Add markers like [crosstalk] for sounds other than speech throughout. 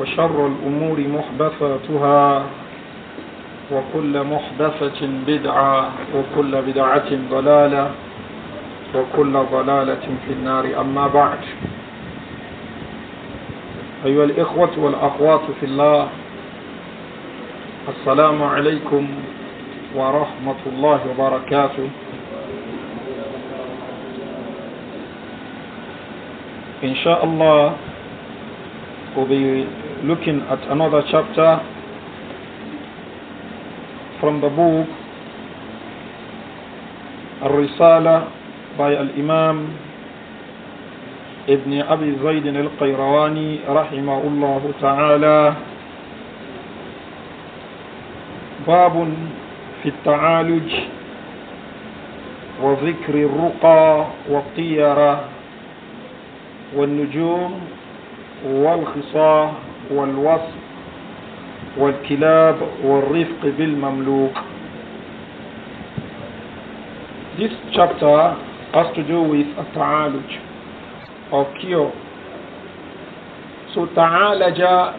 وشر الأمور محدثاتها وكل محدثة بدعة وكل بدعة ضلالة وكل ضلالة في النار أما بعد أيها الإخوة والأخوات في الله السلام عليكم ورحمة الله وبركاته إن شاء الله We'll be looking at another chapter from the book الرسالة by الإمام ابن أبي زيد القيرواني رحمه الله تعالى باب في التعالج وذكر الرقى والطيرة والنجوم والخصاء والوصف والكلاب والرفق بالمملوك This chapter has to do with a ta'aluj or cure. So ta'alaja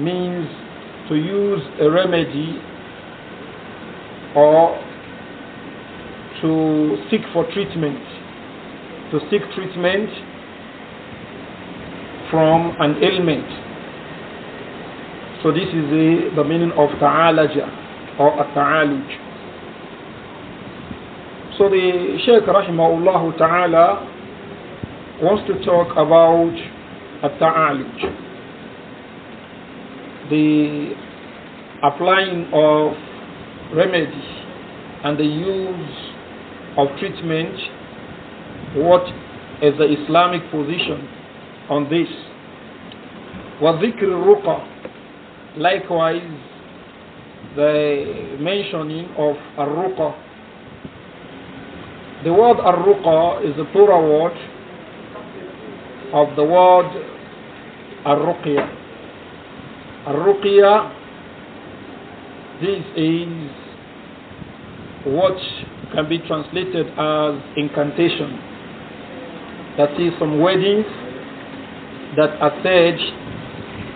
means to use a remedy or to seek for treatment. To seek treatment from an ailment. So this is the, the meaning of ta'alaja or ta'aluj. So the Shaykh rahimahullah ta'ala wants to talk about ta'aluj. The applying of remedy and the use of treatment what is the Islamic position on this. وَذِكْرِ الرُّقَى Likewise, the mentioning of الرُّقَى the word ar is a plural word of the word Ar-Ruqya. this is what can be translated as incantation. That is some weddings that are said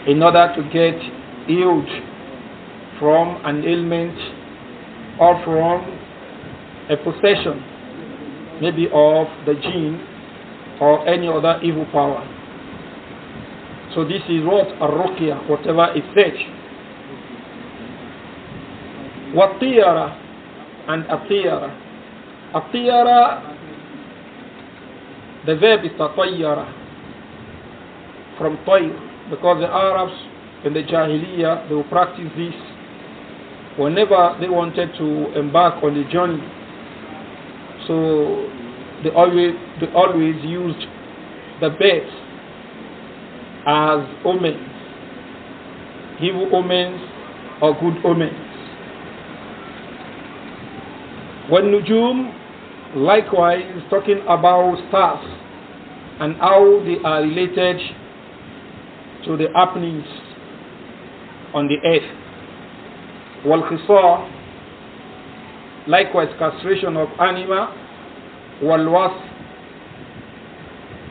in order to get healed from an ailment or from a possession, maybe of the jinn or any other evil power. So this is what a whatever is said. watira and atira, atira, the verb is tatayyara from Taif because the Arabs in the Jahiliyyah they would practice this whenever they wanted to embark on a journey. So they always they always used the bet as omens, evil omens or good omens. When Nujum, likewise, talking about stars and how they are related to the happenings on the earth. saw, likewise castration of animal والوصف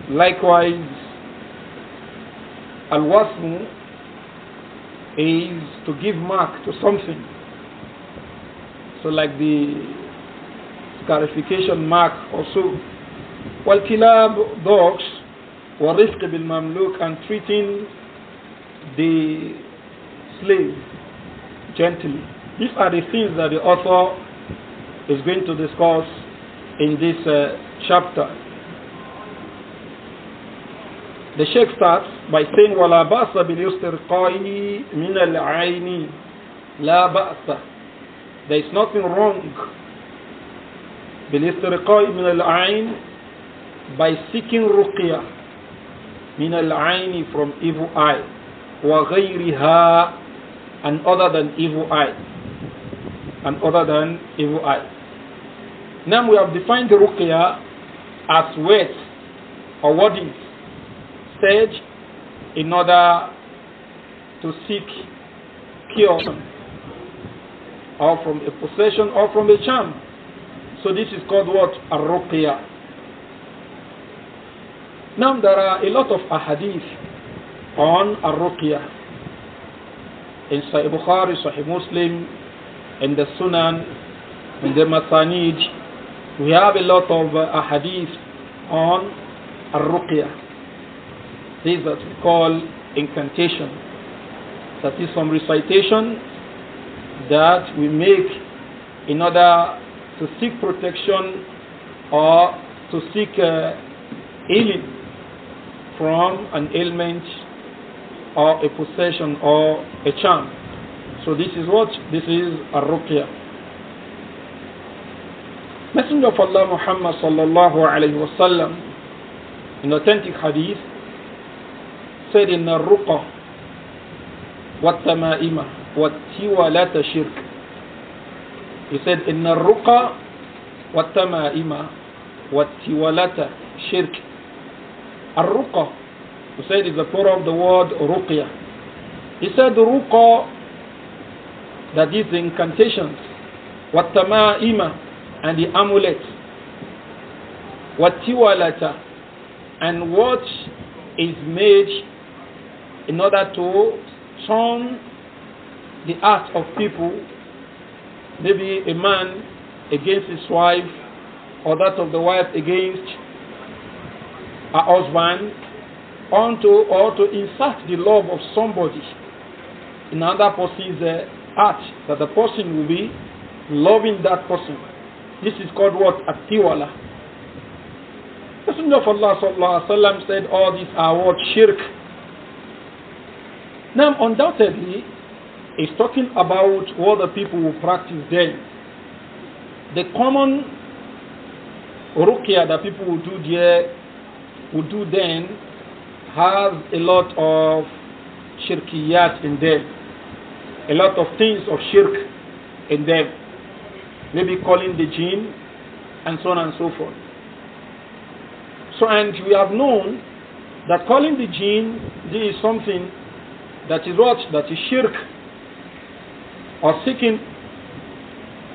likewise الوصم is to give mark to something so like the scarification mark also والكلاب dogs والرفق بالمملوك and treating the slave gently. These are the things that the author is going to discuss in this uh, chapter. The Sheikh starts by saying, وَلَا بَأْسَ بِالْإِسْتِرْقَاءِ مِنَ الْعَيْنِ لَا بَأْسَ There is nothing wrong بِالْإِسْتِرْقَاءِ مِنَ الْعَيْنِ by seeking ruqya min al from evil eye وَغَيْرِهَا and other than evil eye and other than evil eye now we have defined the ruqya as words or wordings said in order to seek cure or from a possession or from a charm so this is called what? a ruqya now there are a lot of ahadith on Ar-Ruqya. In Sahih Bukhari, Sahih Muslim, in the Sunan, in the Masanid, we have a lot of uh, hadith on Ar-Ruqya. This is what we call incantation. That is some recitation that we make in order to seek protection or to seek uh, healing from an ailment or a possession or a charm. So this is what? This is a ruqya. Messenger of Allah Muhammad sallallahu alayhi wa sallam in authentic hadith said in الرقى والتمائم والتوالة shirk." He said in الرقى والتمائم والتوالة شرك الرقى who said is the plural of the word ruqya. He said ruqa, that is the incantations, what tama'ima, and the amulet, what and what is made in order to turn the act of people, maybe a man against his wife, or that of the wife against her husband, onto or to insert the love of somebody in another person's uh, heart that the person will be loving that person. This is called what? Atiwala. Messenger of Allah sallallahu sallam, said all these are what? Shirk. Now undoubtedly he's talking about what the people will practice then. The common orukia that people will do there will do then has a lot of shirkiyat in them, a lot of things of shirk in them, maybe calling the jinn and so on and so forth. So, and we have known that calling the jinn this is something that is what? That is shirk or seeking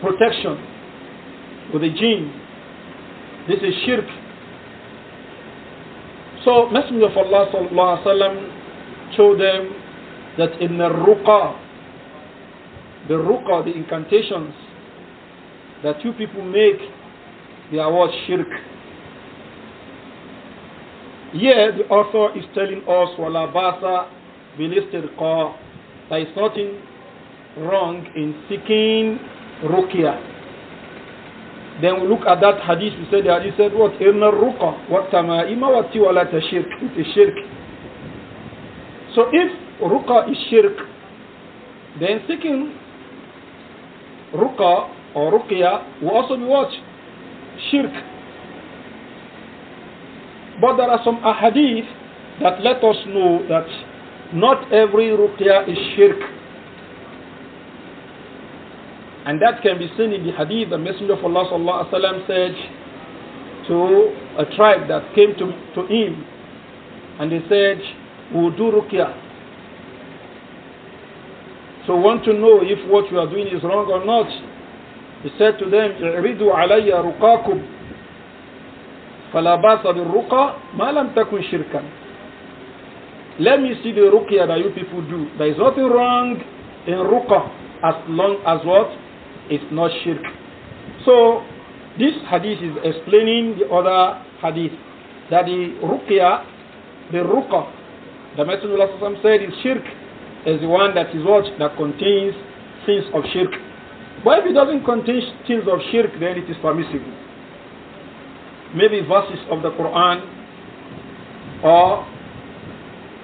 protection with the jinn. This is shirk so Messenger of Allah sallallahu alaihi wasallam told them that in the ruqa, the ruqa, the incantations that you people make, they are what shirk. Here the author is telling us wala basa bilistirqa. There is nothing wrong in seeking ruqya then we look at that hadith, we said the said what? إِنَّ الرُّقَى وَالتَّمَائِمَ وَالتِّوَلَةَ شِرْكٌ It's shirk. So if ruqa is shirk, then seeking ruqa or ruqya will also be what? Shirk. But there are some ahadith that let us know that not every ruqya is shirk. And that can be seen in the hadith. The Messenger of Allah sallallahu alaihi wasallam said to a tribe that came to, to him and he said, We'll do ruqya. So want to know if what you are doing is wrong or not. He said to them, اعرضوا علي رقاكم فلا باس بالرقى ما لم تكن شركا. Let me see the ruqya that you people do. There is nothing wrong in ruqya as long as what? It's not shirk. So this hadith is explaining the other hadith that the rukya, the ruqa, the Messenger of Allah said is shirk, is the one that is what? That contains things of shirk. But if it doesn't contain things of shirk, then it is permissible. Maybe verses of the Quran or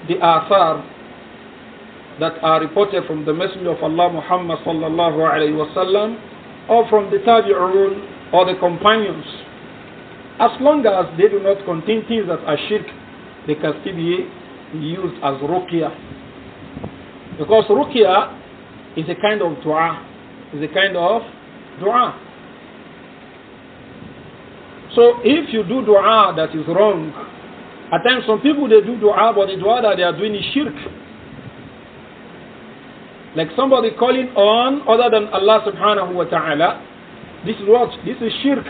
the Athar that are reported from the Messenger of Allah Muhammad sallallahu alayhi wasallam or from the tabi'un or the companions. As long as they do not contain things that are shirk, they can still be used as ruqya. Because ruqya is a kind of dua, is a kind of dua. So if you do dua that is wrong, at times some people they do dua, but the dua that they are doing is shirk. Like somebody calling on other than Allah subhanahu wa ta'ala. This is what? This is shirk.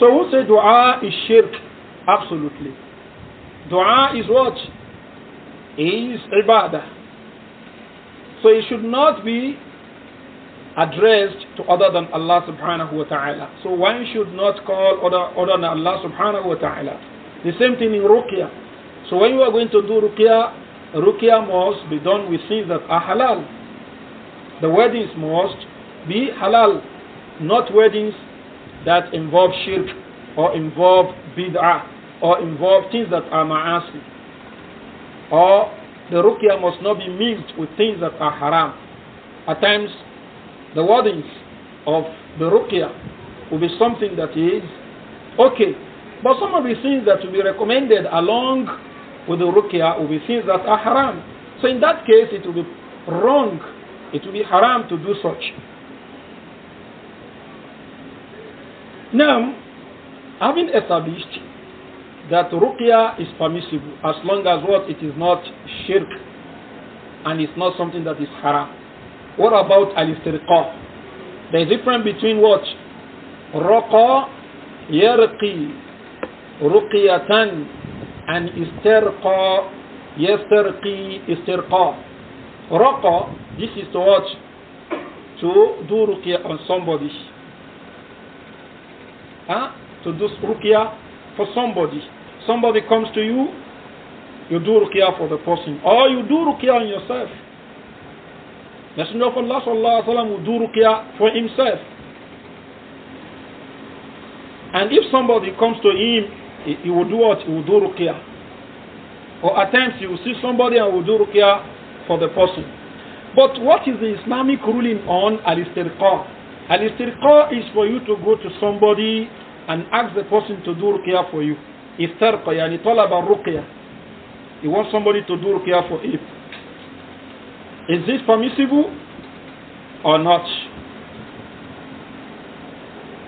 So who say dua is shirk? Absolutely. Dua is what? Is ibadah. So it should not be addressed to other than Allah subhanahu wa ta'ala. So one should not call other, other than Allah subhanahu wa ta'ala. The same thing in ruqya. So when you are going to do ruqya, ruqya must be done with things that are halal. The weddings must be halal, not weddings that involve shirk or involve bid'ah or involve things that are ma'asi. Or the ruqya must not be mixed with things that are haram. At times, the weddings of the ruqya will be something that is okay. But some of the things that will be recommended along with the ruqya will be things that are haram. So in that case, it will be wrong. It will be haram to do such. Now, having established that ruqya is permissible as long as what it is not shirk and it's not something that is haram. What about al-istirqa? There is a difference between what? Raqa yarqi ruqyatan and istirqa yastarqi istirqa raqa this is to watch to do ruqya on somebody huh? to do ruqya for somebody somebody comes to you you do ruqya for the person or you do ruqya on yourself Messenger of Allah sallallahu alaihi wasallam will do ruqya for himself and if somebody comes to him he, he will do what? He will do Rukia. Or at times he will see somebody and will do Rukia for the person. But what is the Islamic ruling on al-istirqa? Al-istirqa is for you to go to somebody and ask the person to do Rukia for you. Istarqa, yani about Rukia. He wants somebody to do Rukia for him. Is this permissible or not?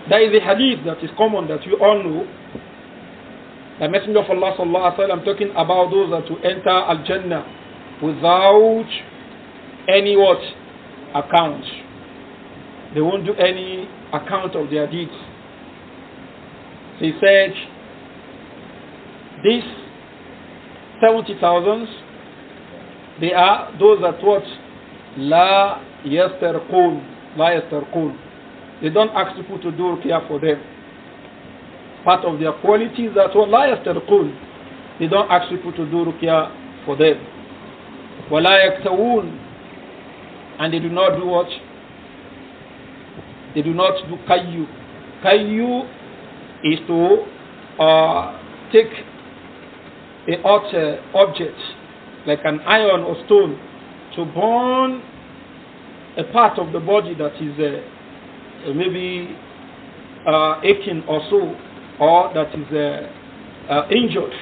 There is a hadith that is common that you all know the Messenger of Allah sallallahu alaihi wasallam talking about those that will enter Al Jannah without any what account. They won't do any account of their deeds. So he said, these seventy thousands, they are those that what la yasterqun, la yasterqun. They don't ask people to do ruqyah for them part of their qualities that are يَسْتَرْقُونَ They don't ask people to do ruqya for them. are يَكْتَوُونَ And they do not do what? They do not do kayyu. Kayyu is to uh, take an uh, object like an iron or stone to burn a part of the body that is uh, maybe uh, aching or so or that is uh, uh, injured.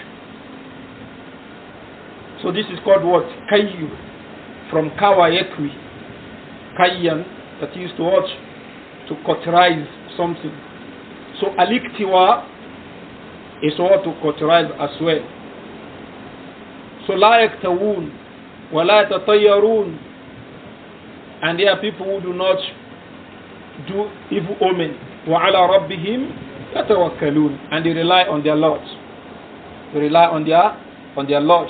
So this is called what? Kayu from Kawayekwi. Kayan that used to watch to cauterize something. So aliktiwa is what to cauterize as well. So la yaktawun wa la and there are people who do not do evil omen wa ala rabbihim يتوكلون and they rely on their Lord. They rely on their on their Lord.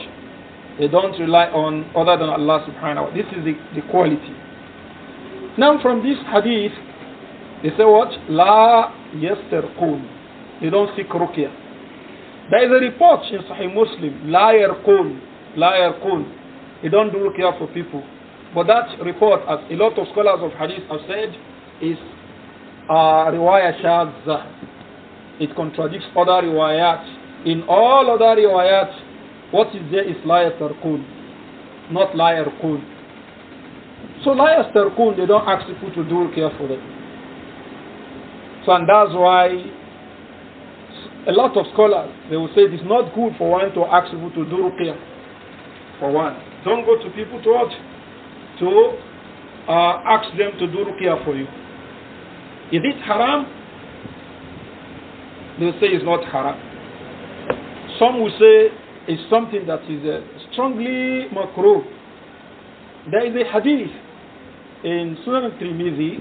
They don't rely on other than Allah subhanahu wa ta'ala. This is the, the quality. Now from this hadith, they say what? La yasterqun. They don't seek ruqya. There is a report in Sahih Muslim. La yarqun. La yarqun. They don't do ruqya for people. But that report, as a lot of scholars of hadith have said, is uh, riwayah shadzah. It contradicts other riwayat. In all other riwayat, what is there is liar tarkun, not liar yarqun. So la tarkun, they don't ask people to do carefully. So and that's why a lot of scholars, they will say it is not good for one to ask people to do ruqyah. For one. Don't go to people to to uh, ask them to do ruqyah for you. Is it haram? they say it's not haram. Some will say it's something that is uh, strongly makruh. There is a hadith in Sunan Trimizi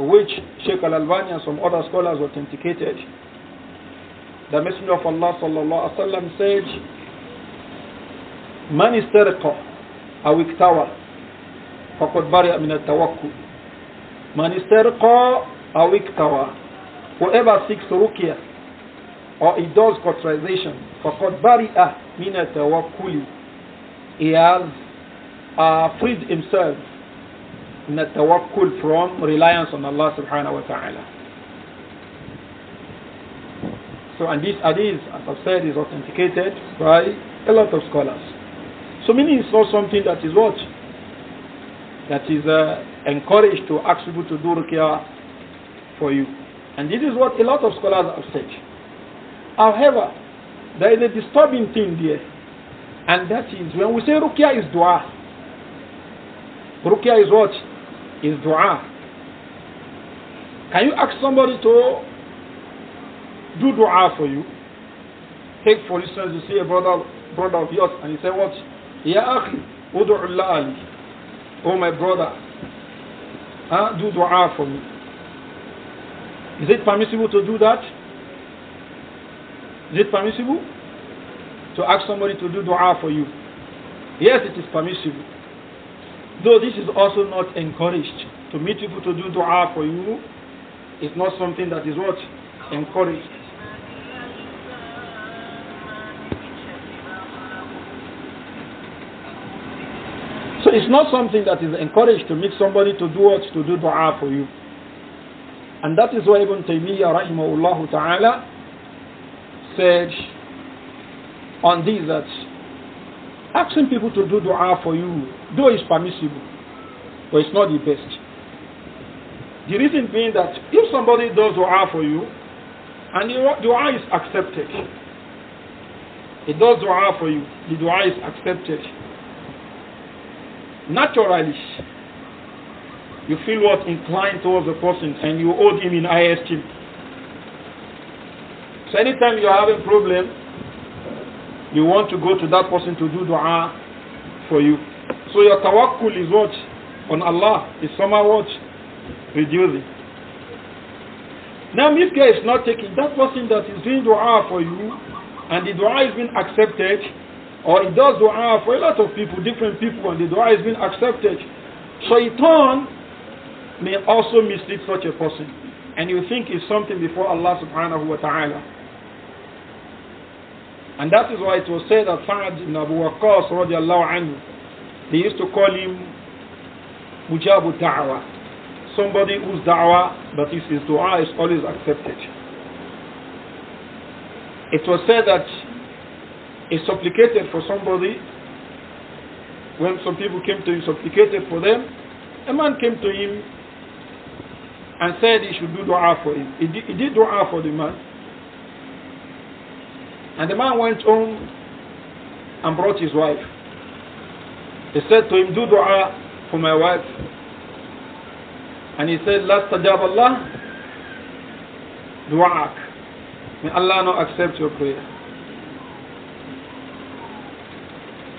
which Sheikh Al-Albani and some other scholars authenticated. The Messenger of Allah sallallahu alaihi wasallam said, "Man istarqa aw iktawa faqad bari'a min at-tawakkul." Man istarqa aw Whoever seeks ruqya or he does cauterization, فَقَدْ بَرِئَ مِنَ التَّوَكُّلِ He has uh, freed himself in tawakkul from reliance on Allah subhanahu wa ta'ala. So, and this hadith, as I've said, is authenticated by a lot of scholars. So, meaning it's not something that is what? That is uh, encouraged to ask people to do ruqya for you. And this is what a lot of scholars have said. However, there is a disturbing thing there. And that is when we say Rukia is dua. Rukia is what? Is dua. Can you ask somebody to do dua for you? Take for instance, you see a brother brother of yours and you say what? Ya akhi, udu'u Allah Oh my brother, huh? Ah, do dua for me. Is it permissible to do that? Is it permissible to ask somebody to do dua for you? Yes, it is permissible. Though this is also not encouraged. To meet people to do dua for you is not something that is what? Encouraged. So it's not something that is encouraged to meet somebody to do what? To do dua for you. And that is why Ibn Taymiyyah rahimahullah ta'ala said on this that asking people to do dua for you, though is permissible, but it's not the best. The reason being that if somebody does dua for you, and the dua is accepted, it does dua for you, the dua is accepted. Naturally, you feel what inclined towards the person and you hold him in high esteem. So anytime you have a problem, you want to go to that person to do dua for you. So your tawakkul is what? On Allah is somehow what? Reducing. Now if is not taking that person that is doing dua for you and the dua is being accepted or he does dua for a lot of people, different people and the dua is being accepted. So he turns may also mislead such a person. And you think it's something before Allah subhanahu wa ta'ala. And that is why it was said that Sa'ad ibn Abu Waqqas radiallahu anhu, they used to call him Mujabu Da'wa, somebody whose da'wa, that is his dua, is always accepted. It was said that he supplicated for somebody when some people came to him, supplicated for them. A man came to him and said he should do dua for him. He did, he did dua for the man. And the man went home and brought his wife. He said to him, Do dua for my wife. And he said, Last tajab Allah, du'aak. May Allah not accept your prayer.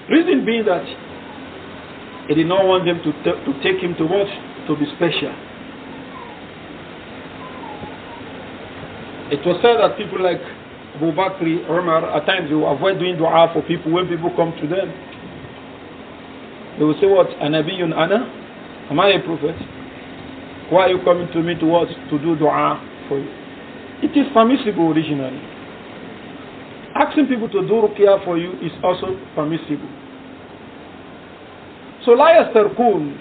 Reason being that he did not want them to, to take him to what? To be special. It was said that people like Abu Bakr, Umar, at times they will avoid doing dua for people when people come to them. They will say, What? Anabiyun Ana? Am I a prophet? Why are you coming to me to what? To do dua for you. It is permissible originally. Asking people to do ruqya for you is also permissible. So liars, tarkun,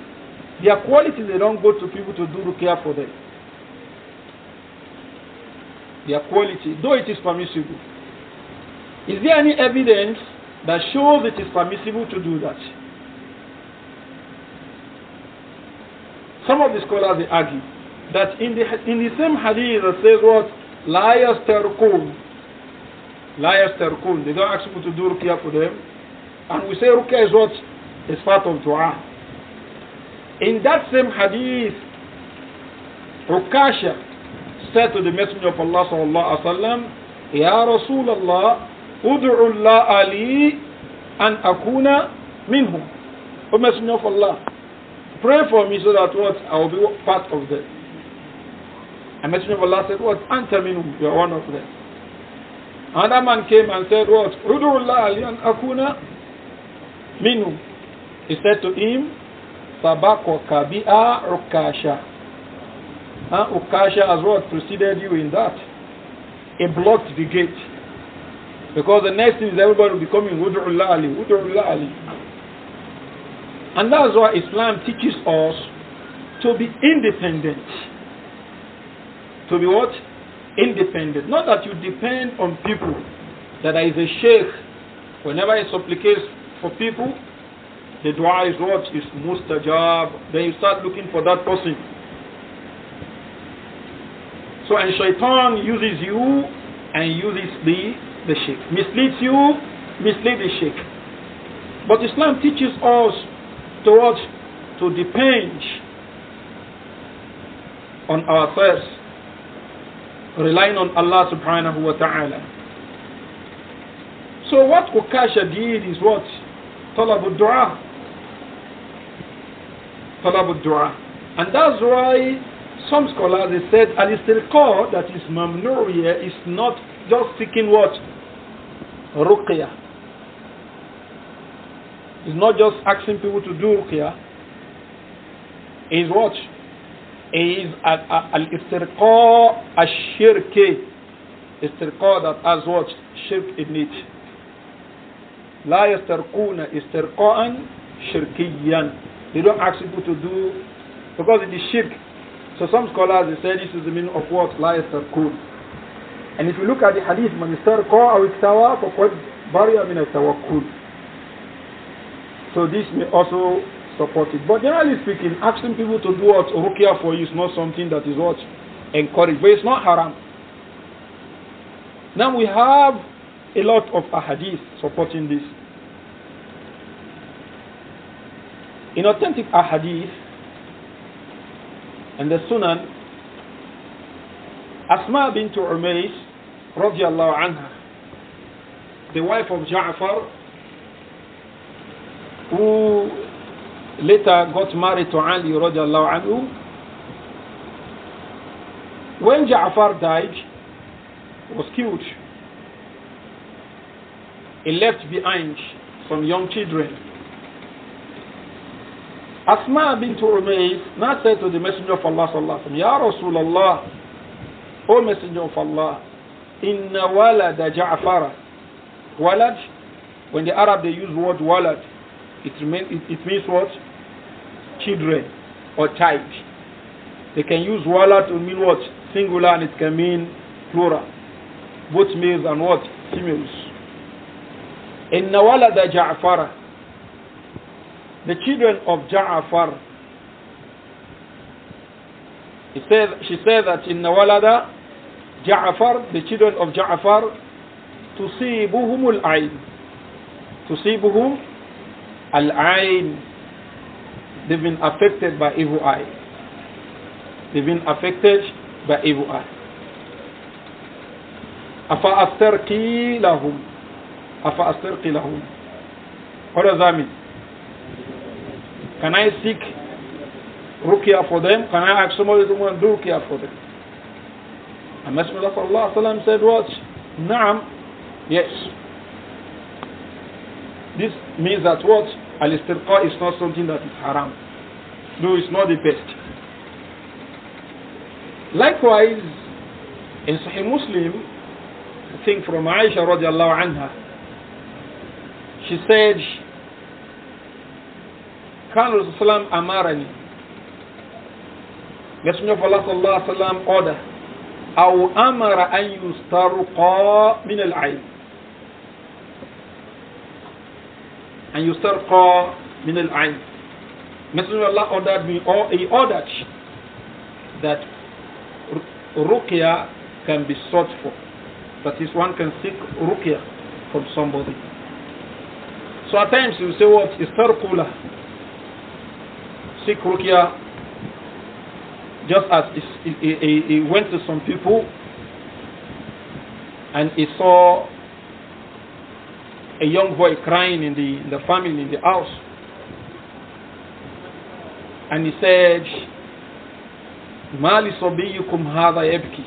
their qualities they don't go to people to do ruqya for them their quality, though it is permissible. Is there any evidence that shows it is permissible to do that? Some of the scholars they argue that in the, in the same hadith that says what? liars terkun, liars terkun, They don't ask people to do ruqya for them. And we say ruqya is what? Is part of dua. In that same hadith, rukasha said to the Messenger of Allah sallallahu alaihi wasallam, Ya Rasulullah, ud'u Allah Ali an akuna minhum. O Messenger of Allah, pray for me so that what I will be part of them. And Messenger of Allah said, What? Anta minhum, you are one of them. Another man came and said, What? Ud'u Allah Ali an akuna minhum. He said to him, Sabako kabi'a rukasha. Huh? Ukasha as well preceded you in that. It blocked the gate. Because the next thing is everybody will be coming, Udrullah Ali, Udrullah Ali. And that's why Islam teaches us to be independent. To be what? Independent. Not that you depend on people. That there is a sheikh, whenever he supplicates for people, the dua is what? Is mustajab. Then you start looking for that person. So, and shaitan uses you and uses the, the sheikh. Misleads you, misleads the sheikh. But Islam teaches us towards to depend on ourselves, relying on Allah subhanahu wa ta'ala. So what Ukasha did is what? Talabud dua. dua. And that's why some scholars they said al istirqa that is mamnuria is not just seeking what ruqya it's not just asking people to do ruqya is what is al istirqa al shirki istirqa that has what shirk in it لا يسترقون استرقاء شركيا they don't ask people to do because it is shirk so some scholars they say this is the meaning of what la could, And if you look at the hadith, manister istarqa aw iktawa faqad bariya min at-tawakkul. So this may also support it. But generally speaking, asking people to do what ruqya for you is not something that is what encouraged, but it's not haram. Now we have a lot of ahadith supporting this. In authentic ahadith, in the Sunan, Asma bint Umays, radiallahu anha, the wife of Ja'far, who later got married to Ali, radiallahu anhu, when Ja'far died, was killed, he left behind some young children Asma bint Umayyad now said to the Messenger of Allah sallallahu alaihi wasallam, Ya Rasulullah, O Messenger of Allah, Inna walada Ja'fara. Walad, when the Arab they use the word walad, it, it, it means what? Children or child. They can use walad to mean what? Singular and it can mean plural. Both males and what? Females. Inna walada Ja'fara the children of Ja'afar. He said, she said that in Nawalada, Ja'afar, the children of Ja'afar, to العين al-ain. الْعَيْنِ They've been affected by evil eye. They've been affected by evil eye. أَفَأَسْتَرْقِي لَهُمْ أَفَأَسْتَرْقِي لَهُمْ What does that mean? Can I seek ruqya for them? Can I ask somebody to go and do ruqya for them? And Messenger of Allah said what? Naam, yes. This means that what? Al-istirqa is not something that is haram. No, it's not the best. Likewise, in Sahih Muslim, I think from Aisha radiallahu anha, she said, كان الرسول صلى أمرني Messenger Allah sallallahu alaihi wasallam order أو أمر أن يسترقى من العين أن يسترقى من العين Messenger of Allah ordered me or he ordered that ruqya can be sought for that is one can seek ruqya from somebody so at times you say what is tarqula seek ruqya just as he, went to some people and he saw a young boy crying in the, in the family, in the house. And he said, Mali sobiyukum hada ebki.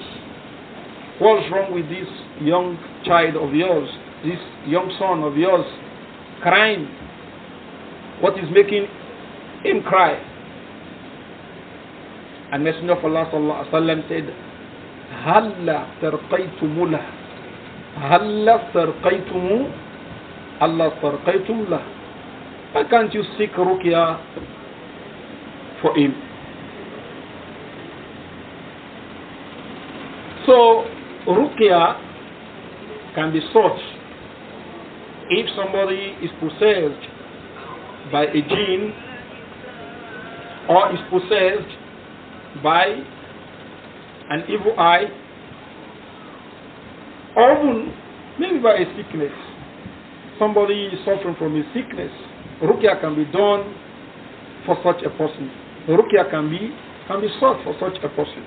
What's wrong with this young child of yours, this young son of yours, crying? What is making him cry? And Messenger of Allah sallallahu alaihi wasallam said, "Halla tarqaytum lah." Halla tarqaytum Allah tarqaytum lah. Why can't you seek ruqya for him? So, ruqya can be sought if somebody is possessed by a jinn or is possessed by an evil eye, or even maybe by a sickness. Somebody is suffering from a sickness. Rukia can be done for such a person. Rukia can be can be sought for such a person.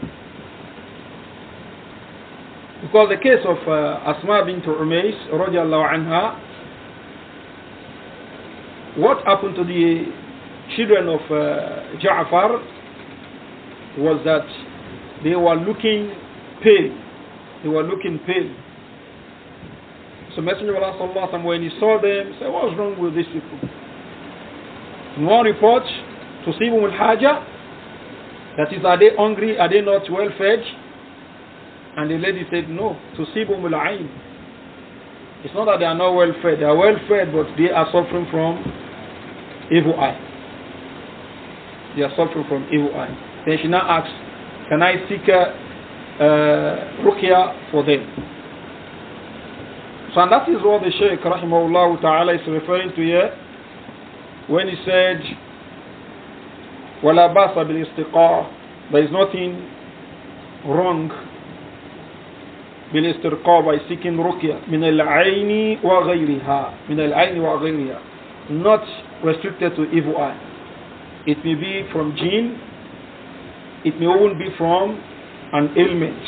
Because the case of uh, Asma bint Umais, radiallahu anha, what happened to the children of uh, Ja'far was that they were looking pale. They were looking pale. So Messenger of Allah sallallahu when he saw them, he said, what's wrong with these people? In one report, to Sibum al-Haja, that is, are they hungry? Are they not well fed? And the lady said, no, to Sibum al-Ain. It's not that they are not well fed. They are well fed, but they are suffering from evil eye. They are suffering from evil eye. Then she now asks, can I seek a, uh, ruqya for them? So and that is what the Shaykh rahimahullah ta'ala is referring to here when he said, وَلَا بَاسَ بِالْإِسْتِقَاء There is nothing wrong بالاسترقاء by seeking رقية من العين وغيرها من العين وغيرها not restricted to evil eye it may be from jinn it may even be from an ailment.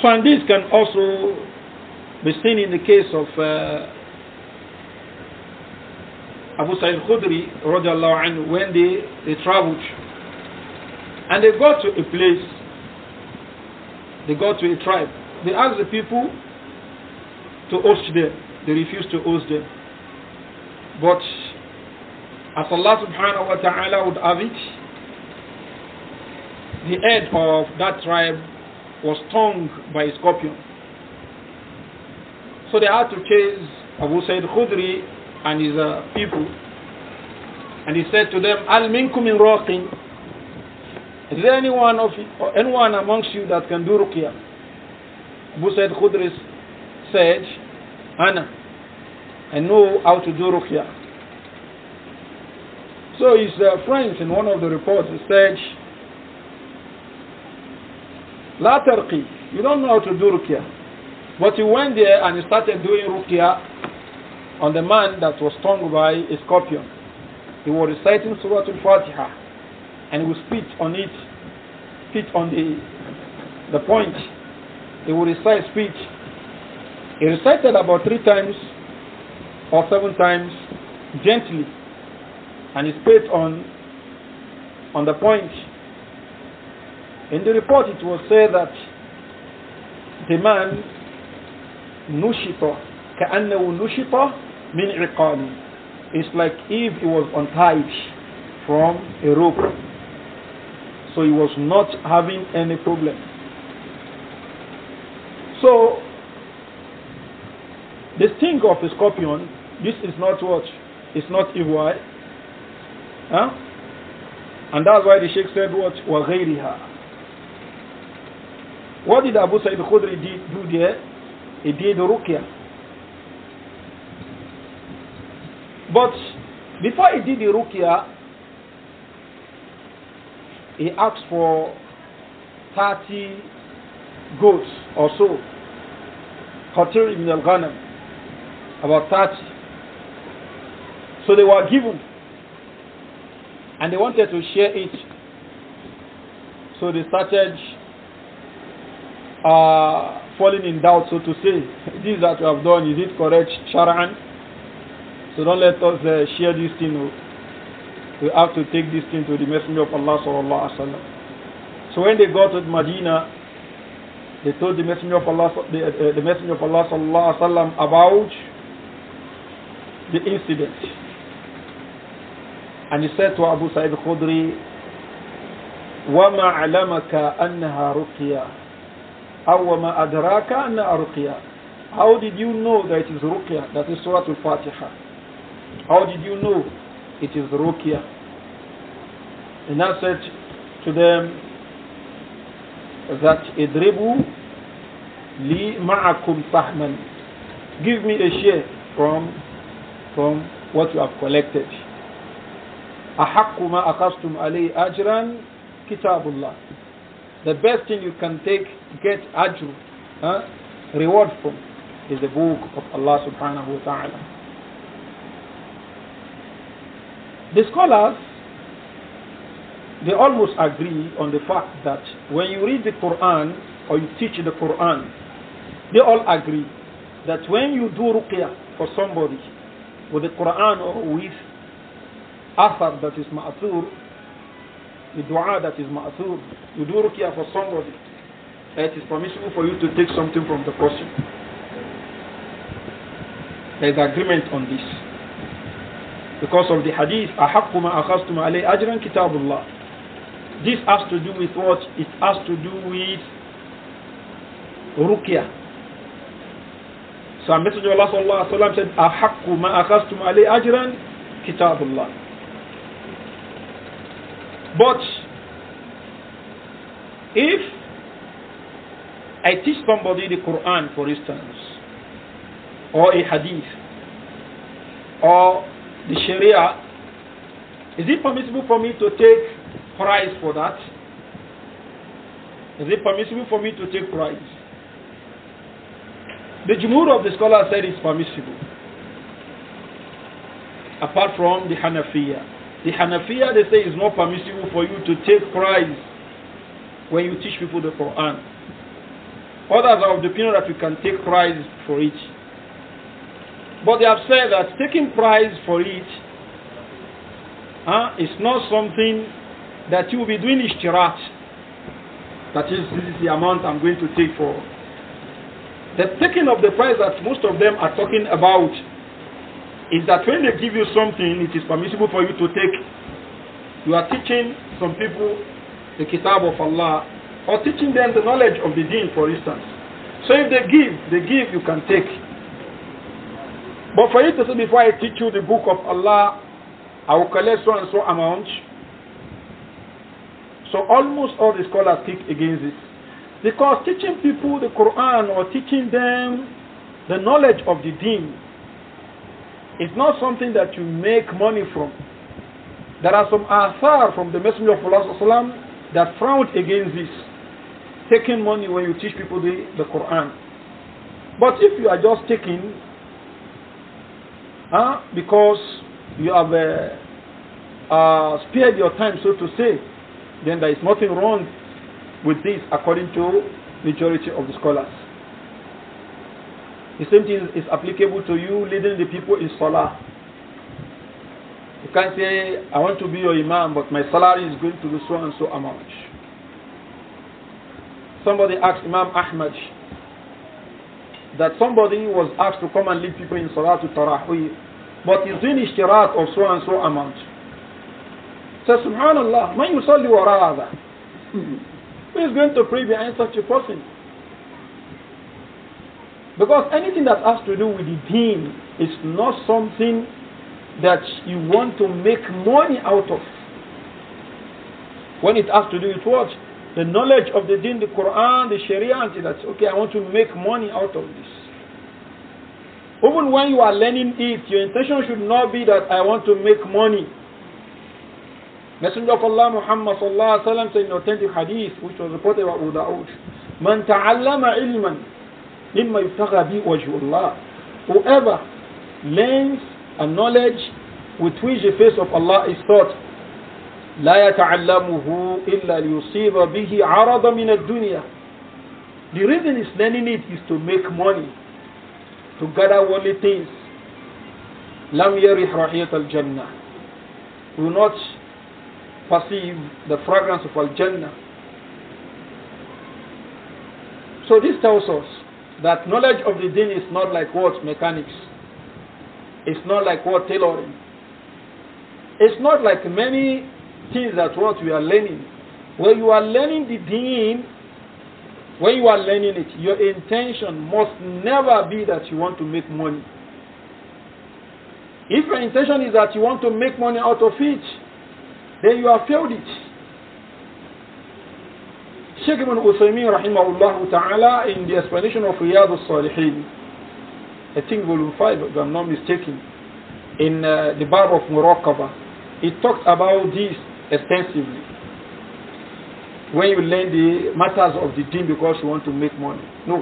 So, and this can also be seen in the case of uh, Abu Sa'id Khudri, anhu, when they, they traveled and they got to a place, they got to a tribe. They asked the people to host them. They refused to host them. But as Allah subhanahu wa ta'ala would have it, the head of that tribe was stung by a scorpion. So they had to chase Abu Said Khudri and his uh, people. And he said to them, Al minkum in raqin. Is there anyone, of, or anyone amongst you that can do ruqya? Abu Said Khudri said, Anna, I know how to do ruqya. So his uh, friends in one of the reports said, La you don't know how to do rukia. But he went there and he started doing rukia on the man that was stung by a scorpion. He was reciting Surah Al-Fatiha and he would spit on it, spit on the, the point. He would recite speech. He recited about three times or seven times gently and is based on on the point. In the report it was said that the man نشط كأنه نشط من عقال It's like if he was untied from a rope. So he was not having any problem. So the sting of a scorpion, this is not what? It's not evil. Huh? And that's why the Sheikh said what? وَغَيْرِهَا What did Abu Sa'id Khudri do there? He did rukia. But before he did the rukia, he asked for 30 goats or so. Qatir ibn al-Ghanam, about 30. So they were given and they wanted to share it. So they started uh, falling in doubt, so to say, this that you have done, is it correct, Sharan? So don't let us uh, share this thing. Oh. We have to take this thing to the Messenger of Allah sallallahu wasallam. So when they got to Medina, they told the Messenger of Allah, the, uh, the Messenger of Allah sallallahu wasallam about the incident. عن السيد وابو سعيد الخدري وما علمك أنها رقية أو وما أدراك أنها رقية How did you know that it is رقية That is Surah Al-Fatiha. How did you know it is رقية And I said to them that Idribu li ma'akum sahman. Give me a share from, from what you have collected. أَحَقُّ مَا أَقَسْتُمْ عَلَيْهِ أَجْرًا كِتَابُ اللَّهِ The best thing you can take, get ajr, huh, reward from, is the book of Allah subhanahu wa ta'ala. The scholars, they almost agree on the fact that when you read the Quran or you teach the Quran, they all agree that when you do ruqyah for somebody with the Quran or with athar that is ma'thur, the dua that is ma'thur, you do rukia for somebody, it is permissible for you to take something from the person. There is agreement on this. Because of the hadith, أَحَقُّ مَا أَخَذْتُمْ عَلَيْهِ أَجْرًا كِتَابُ اللَّهِ This has to do with what? It has to do with ruqya. So our Messenger of Allah said, أَحَقُّ مَا أَخَذْتُمْ عَلَيْهِ أَجْرًا كِتَابُ اللَّهِ but if I teach somebody the Quran, for instance, or a hadith, or the Sharia, is it permissible for me to take price for that? Is it permissible for me to take price? The Jumhur of the scholar said it's permissible, apart from the Hanafiya. The Hanafiya, they say it's not permissible for you to take prize when you teach people the Quran. Others are of the opinion that you can take prize for it. But they have said that taking prize for it huh, is not something that you will be doing ishtirat. That is, this is the amount I'm going to take for. The taking of the price that most of them are talking about is that when they give you something, it is permissible for you to take. You are teaching some people the Kitab of Allah or teaching them the knowledge of the deen, for instance. So if they give, they give, you can take. But for you to say, before I teach you the book of Allah, I will collect so and so amount. So almost all the scholars kick against this. Because teaching people the Quran or teaching them the knowledge of the deen it's not something that you make money from. There are some athar from the Messenger of Allah that frowned against this, taking money when you teach people the, the Quran. But if you are just taking, huh, because you have uh, uh, spared your time, so to say, then there is nothing wrong with this according to majority of the scholars. The same thing is applicable to you leading the people in salah. You can't say, I want to be your imam, but my salary is going to be so and so amount. Somebody asked Imam Ahmad that somebody was asked to come and lead people in salah to Tarahui, but he's doing ishtirat of so and so amount. So, subhanallah, man yusalli wara [laughs] Who is going to pray behind such a person? Because anything that has to do with the deen is not something that you want to make money out of. When it has to do with what? The knowledge of the deen, the Quran, the Sharia, that's okay, I want to make money out of this. Even when you are learning it, your intention should not be that I want to make money. Messenger of Allah Muhammad sallallahu alaihi wasallam said in authentic hadith, which was reported by Abu "Man ta'allama ilman مِمَّا يُبْتَغَى بِهِ وَجْهُ اللَّهِ Whoever learns a knowledge with which the face of Allah is sought, لا يتعلمه إلا ليصيب به عرض من الدنيا The reason is learning it is to make money, to gather worldly things. لم يرح رحية الجنة Will not perceive the fragrance of Al-Jannah. So this tells us that knowledge of the deen is not like what? Mechanics. It's not like what? Tailoring. It's not like many things that what we are learning. When you are learning the deen, when you are learning it, your intention must never be that you want to make money. If your intention is that you want to make money out of it, then you have failed it. Sheikh Ibn Uthaymeen rahimahullah ta'ala in the explanation of Riyadh al-Salihin, I think volume 5 if I'm not mistaken, in uh, the Bab of Muraqaba he talked about this extensively. When you learn the matters of the deen because you want to make money. No.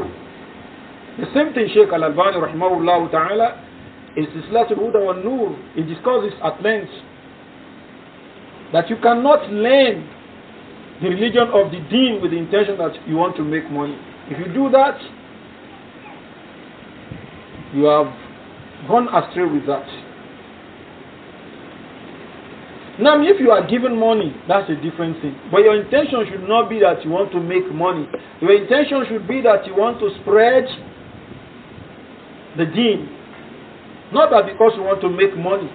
The same thing Sheikh Al-Albani rahimahullah ta'ala is Islatul Huda wa Nur. He discusses at length that you cannot learn the religion of the deen with the intention that you want to make money. If you do that, you have gone astray with that. Now, if you are given money, that's a different thing. But your intention should not be that you want to make money. Your intention should be that you want to spread the deen. Not that because you want to make money.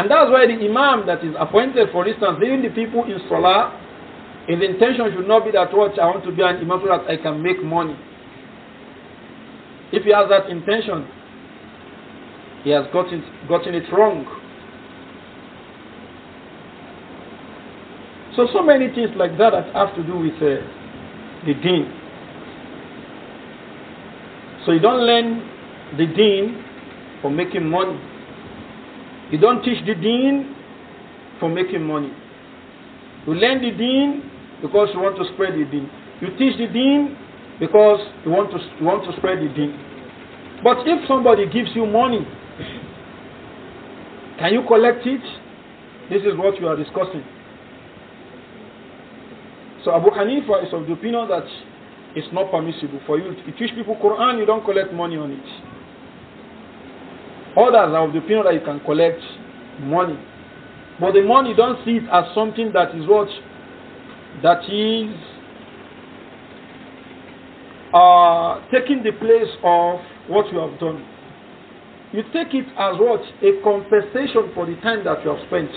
And that's why the imam that is appointed, for instance, even the people in Salah, his intention should not be that what I want to be an imam so that I can make money. If he has that intention, he has gotten gotten it wrong. So so many things like that that have to do with uh, the deen. So you don't learn the deen for making money. You don't teach the deen for making money. You learn the deen because you want to spread the deen. You teach the deen because you want to you want to spread the deen. But if somebody gives you money, can you collect it? This is what we are discussing. So Abu Hanifa is of the opinion that it's not permissible for you to teach people Quran, you don't collect money on it. Others are of the opinion that you can collect money. But the money, don't see it as something that is what that is uh, taking the place of what you have done. You take it as what? A compensation for the time that you have spent.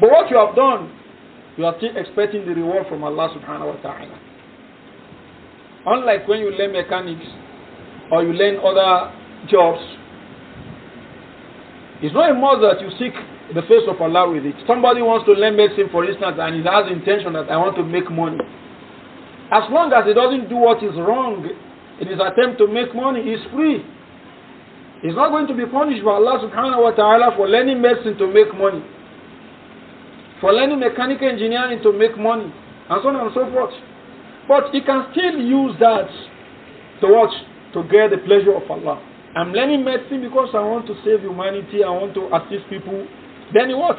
But what you have done, you are still expecting the reward from Allah subhanahu wa ta'ala. Unlike when you learn mechanics or you learn other jobs, it's not a must that you seek the face of Allah with it. Somebody wants to learn medicine, for instance, and he has intention that I want to make money. As long as he doesn't do what is wrong in his attempt to make money, he's free. He's not going to be punished by Allah subhanahu wa ta'ala for learning medicine to make money, for learning mechanical engineering to make money, and so on and so forth. But he can still use that to To get the pleasure of Allah. I'm learning medicine because I want to save humanity, I want to assist people then what?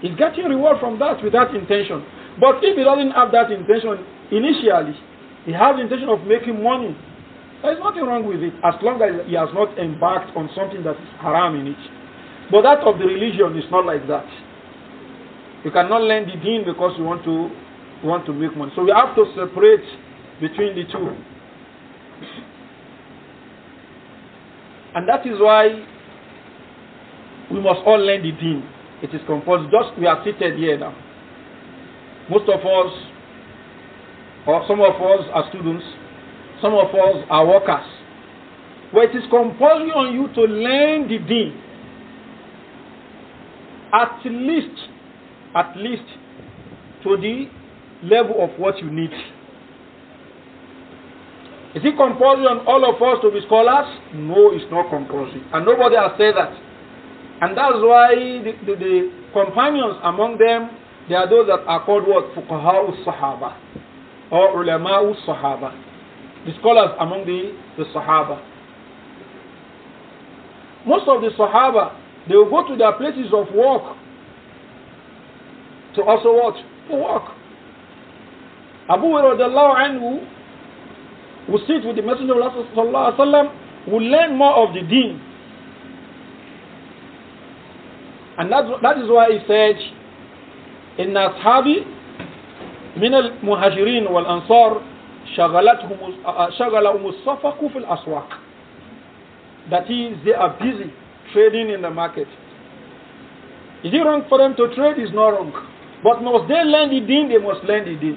He's getting reward from that with that intention. But if he doesn't have that intention initially, he has the intention of making money. There's nothing wrong with it as long as he has not embarked on something that is haram in it. But that of the religion is not like that. You cannot learn the deen because you want to you want to make money. So we have to separate between the two. And that is why we must all learn the deen. It is compulsory. Just we are seated here now. Most of us, or some of us are students, some of us are workers. But it is compulsory on you to learn the deen. At least, at least to the level of what you need. Is it compulsory on all of us to be scholars? No, it's not compulsory. And nobody has said that. And that's why the, the, the companions among them, they are those that are called what? Fuqaha'u Sahaba or Ulama'u Sahaba. The scholars among the, the Sahaba. Most of the Sahaba, they will go to their places of work to also what? To work. Abu radiallahu anhu will sit with the Messenger of Allah sallallahu alaihi wasallam, will learn more of the deen And that, that is why he said, إن أصحابي من المهاجرين والأنصار شغلتهم شغلهم الصفق في الأسواق That is, they are busy trading in the market. Is it wrong for them to trade? Is not wrong. But must they learn the deen? They must learn the deen.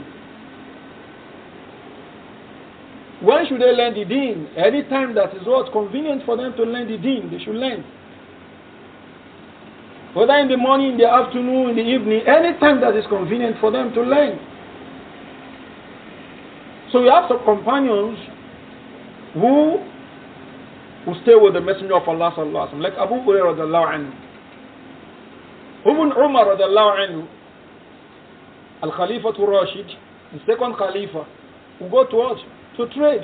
When should they learn the deen? Any time that is what convenient for them to learn the deen, they should learn whether in the morning, in the afternoon, in the evening, any time that is convenient for them to learn. So you have some companions who who stay with the Messenger of Allah sallallahu alaihi like Abu Hurairah radiallahu anhu, Ibn Umar radiallahu anhu, Al Khalifa to Rashid, the second Khalifa, who go to to trade.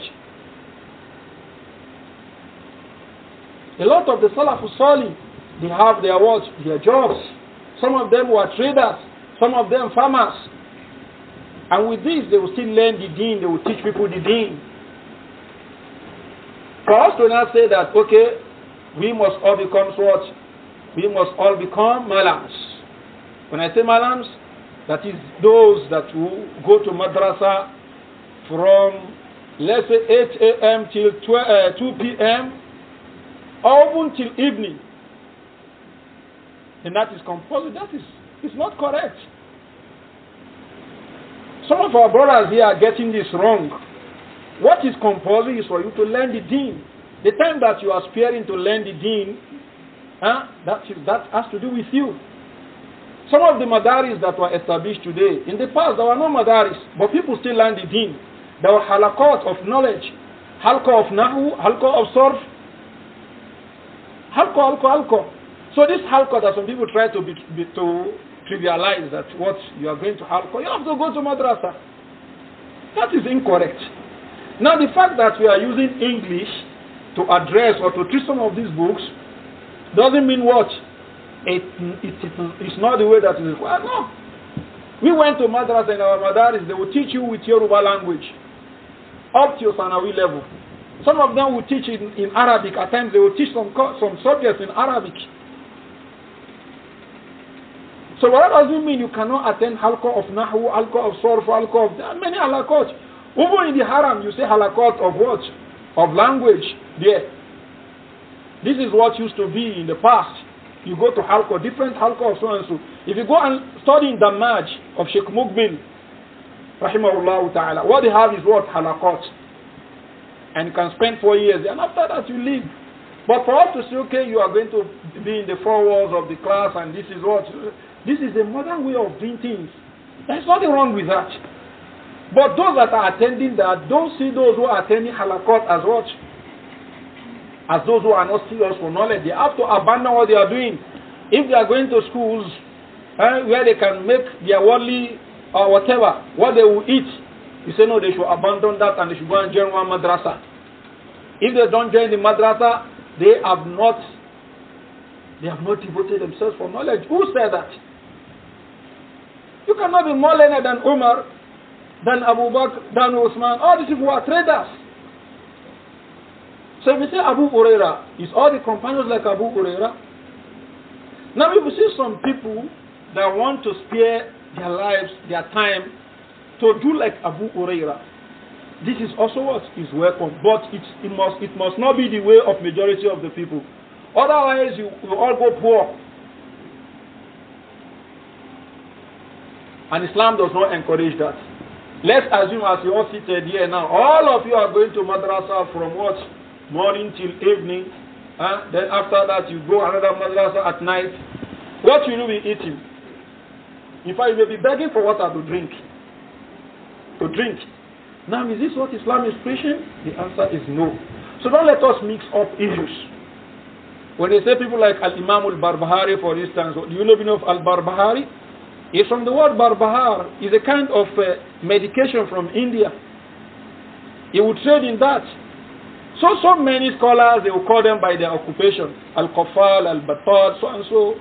A lot of the Salafus Salih they have their what? Their jobs. Some of them were traders. Some of them farmers. And with this, they will still learn the deen. They will teach people the deen. For us to now say that, okay, we must all become what? We must all become malams. When I say malams, that is those that will go to madrasa from let's say 8 a.m. till 12, uh, 2 p.m. or even till evening and that is compulsory, that is, is not correct. Some of our brothers here are getting this wrong. What is compulsory is for you to learn the deen. The time that you are sparing to learn the deen, huh, that, is, that has to do with you. Some of the madaris that were established today, in the past there were no madaris, but people still learn the deen. There were halakot of knowledge, halqa of nahu, halqa of surf, halqa, halqa, halqa. So this halqa that some people try to, be, be, to trivialize that what you are going to halqa, you have to go to madrasa. That is incorrect. Now the fact that we are using English to address or to treat some of these books doesn't mean what? It, it, it, it's not the way that is required. No. We went to madrasa in our madaris, they will teach you with Yoruba language up to your Sanawi level. Some of them will teach in, in Arabic. At times they will teach some, some subjects in Arabic. So what does it mean you cannot attend halqa of Nahu, halqa of surah, halqa of there many halakot. Even in the haram, you say halakot of what? Of language. There. Yeah. This is what used to be in the past. You go to halqa, different halqa of so and so. If you go and study in Damaj of Sheikh Mukbil, rahimahullah ta'ala, what they have is what? Halakot. And you can spend four years. And after that, you leave. But for us to say, okay, you are going to be in the four walls of the class and this is what this is a modern way of doing things. There's nothing wrong with that. But those that are attending that don't see those who are attending halakot as much As those who are not serious for knowledge. They have to abandon what they are doing. If they are going to schools eh, where they can make their worldly or uh, whatever, what they will eat, you say no, they should abandon that and they should go and join one madrasa. If they don't join the madrasa, they have not they have not devoted themselves for knowledge. Who said that? You cannot be more learned than Umar, than Abu Bakr, than Usman. All these people are traders. So if you say Abu Huraira, is all the companions like Abu Huraira? Now if you see some people that want to spare their lives, their time, to do like Abu Huraira, this is also what is welcome, but it, it, must, it must not be the way of majority of the people. Otherwise, you, you all go poor. And Islam does not encourage that. Let's assume as you all seated here now, all of you are going to madrasa from what? Morning till evening. Huh? Then after that you go another madrasa at night. What will you be eating? In fact, you will be begging for water to drink. To drink. Now, is this what Islam is preaching? The answer is no. So don't let us mix up issues. When they say people like Al Imam Al Barbahari, for instance, do you know of Al Barbahari? is from the word barbahar, is a kind of uh, medication from India. He would trade in that. So, so many scholars, they will call them by their occupation. Al-Kafal, Al-Batar, so and so.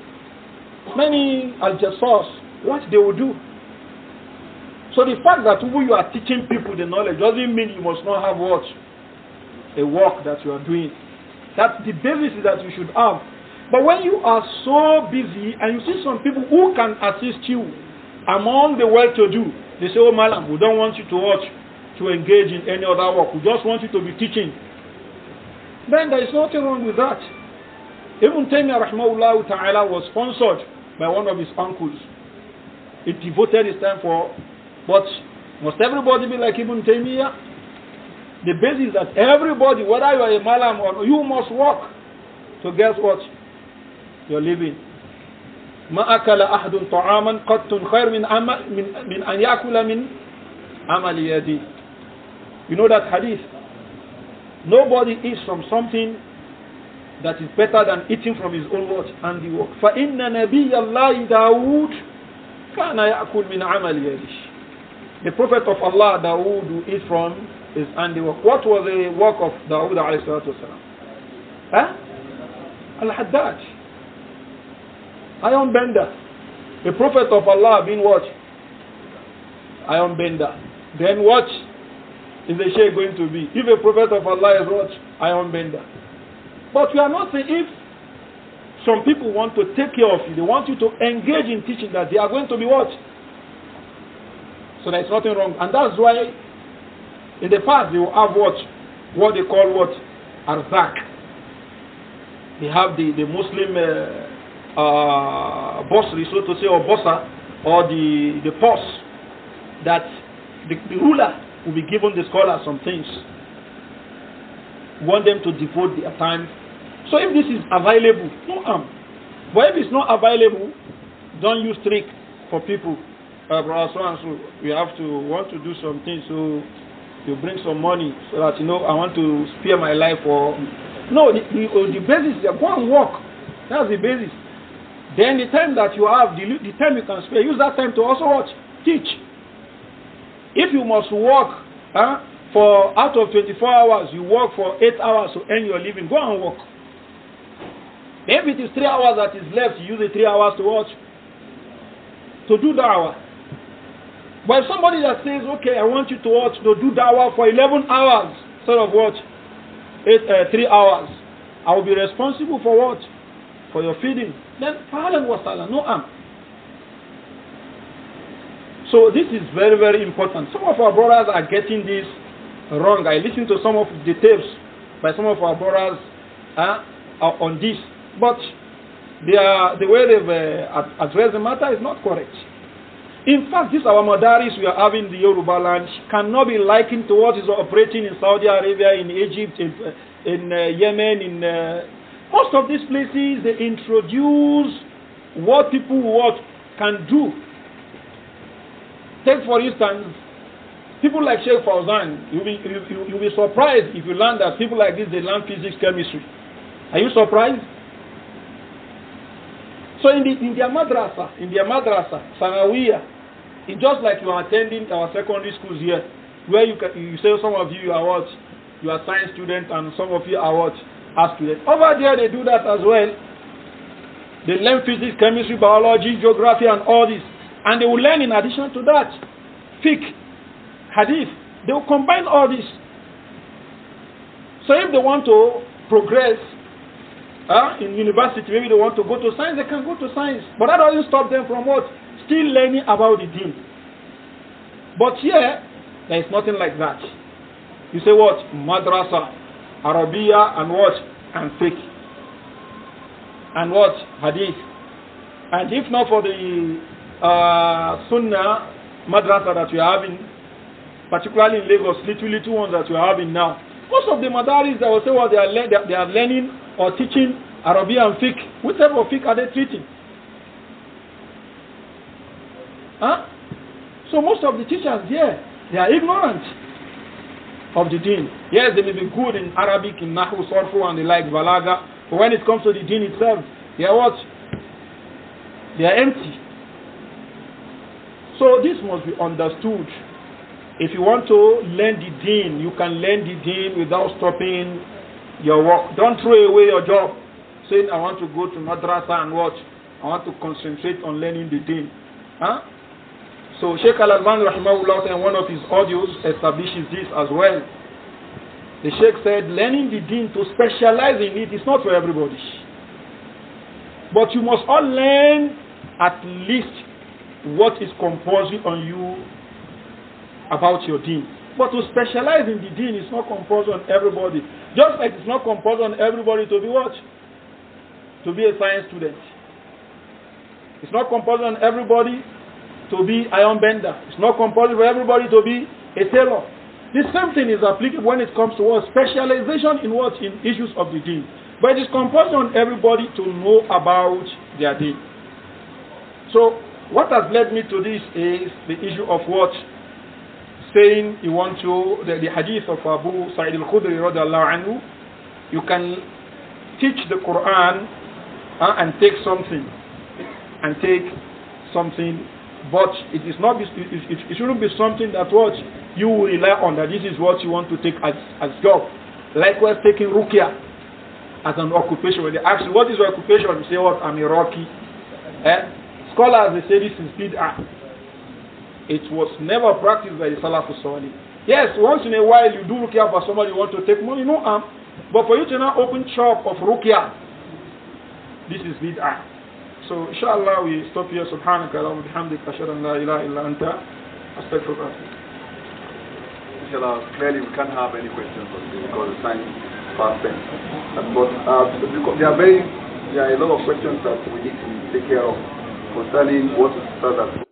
Many Al-Jassas, what they will do. So the fact that you are teaching people the knowledge doesn't mean you must not have what? A work that you are doing. That's the basis that you should have but when you are so busy and you see some people who can assist you among the well-to-do, they say, oh, Malam, we don't want you to watch, to engage in any other work. We just want you to be teaching. Then there is nothing wrong with that. Even Taimiyah, rahmahullah ta'ala was sponsored by one of his uncles. He devoted his time for, but must everybody be like Ibn Taymiyyah? The basis that everybody, whether you are a malam or you must work. So guess what? your living. ما أكل أحد طعاما قط خير من, أمل من, من أن يأكل من عمل يدي You know that hadith Nobody eats from something that is better than eating from his own watch and the work. فَإِنَّ نَبِيَّ اللَّهِ داود كَانَ يَأْكُلْ مِنْ عَمَلِ يدي. The Prophet of Allah, Dawood, who is from his handiwork. What was the work of Dawood alayhi salatu wasalam? Huh? Al-Haddad. Iron bender. a prophet of Allah being what? Iron bender. Then what is the shaykh going to be? If a prophet of Allah is what? Iron bender. But we are not saying if some people want to take care of you, they want you to engage in teaching that they are going to be what? So there's nothing wrong. And that's why in the past they will have what? What they call what? Arzak. They have the, the Muslim. Uh, uh, so to say, or bossa, or the, the boss, that the, the ruler will be giving the scholar some things. Want them to devote their time. So if this is available, no harm. But if it's not available, don't use trick for people. Uh, so and so, we have to want to do something, so you bring some money so that you know I want to spare my life. Or no, the, the, the basis is go and work. That's the basis. Then the time that you have, the, the time you can spare, use that time to also watch, teach. If you must work huh, for out of 24 hours, you work for 8 hours to earn your living, go and work. Maybe it is 3 hours that is left, you use the 3 hours to watch, to do da'wah. But if somebody that says, okay, I want you to watch, to do da'wah for 11 hours instead of watch, Eight, uh, 3 hours. I will be responsible for what? For your feeding then فعل الوصالة no am so this is very very important some of our brothers are getting this wrong I listen to some of the tapes by some of our brothers ah, uh, on this but are, the way they've uh, addressed the matter is not correct in fact, this our madaris we are having the Yoruba land cannot be likened to what is operating in Saudi Arabia, in Egypt, in, uh, in uh, Yemen, in uh, most of these places, they introduce what people what can do. Take, for instance, people like Sheikh Fauzan. You'll be, you, you'll be surprised if you learn that people like this, they learn physics, chemistry. Are you surprised? So in, the, in their madrasa, in their madrasa, Sanawiya, it's just like you are attending our secondary schools here, where you, can, you say some of you are what? You are science students and some of you are what? as students. Over there, they do that as well. They learn physics, chemistry, biology, geography, and all this. And they will learn in addition to that, fiqh, hadith. They will combine all this. So if they want to progress uh, in university, maybe they want to go to science, they can go to science. But that doesn't stop them from what? Still learning about the deen. But here, there is nothing like that. You say what? Madrasa. Arabia and what? And fiqh. And what? Hadith. And if not for the uh, Sunnah madrasa that we are having, particularly in Lagos, little little ones that we are having now, most of the madaris I will say what they are, they are learning or teaching Arabia and fiqh. which type of fiqh are they treating? Huh? So most of the teachers here, they are ignorant of the deen. Yes, they may be good in Arabic, in Nahu, Sorfu, and the like, Balaga, but when it comes to the deen itself, they are what? They are empty. So this must be understood. If you want to learn the deen, you can learn the deen without stopping your work. Don't throw away your job saying, I want to go to madrasa and watch. I want to concentrate on learning the deen. Huh? So Sheikh Al-Alban Rahimahullah in one of his audios establishes this as well. The Sheikh said, learning the deen to specialize in it is not for everybody. But you must all learn at least what is compulsory on you about your deen. But to specialize in the deen is not compulsory on everybody. Just like it's not compulsory on everybody to be what? To be a science student. It's not compulsory on everybody to be iron bender. It's not compulsory for everybody to be a tailor. The same thing is applicable when it comes to what specialization in what in issues of the deal. But it is compulsory on everybody to know about their deal. So what has led me to this is the issue of what saying you want to the, the hadith of Abu Sa'id al-Khudri anhu. You can teach the Quran uh, and take something and take something but it is not it, it, it shouldn't be something that what you will rely on that this is what you want to take as as job likewise taking rukia as an occupation when they ask you what is your occupation you say what i'm a rocky eh? scholars they say this is bid'ah it was never practiced by the salafus yes once in a while you do rukia for somebody you want to take money no harm um, but for you to now open shop of rukia this is bid'ah so inshallah we stop here. Subhanaka اللهم وبحمدك أشهد أن لا إله إلا أنت أستغفرك وأتوب Inshallah, clearly we can't have any questions on this because the time fast spent. But uh, there are very, there are a lot of questions that we need to take care of concerning what is that.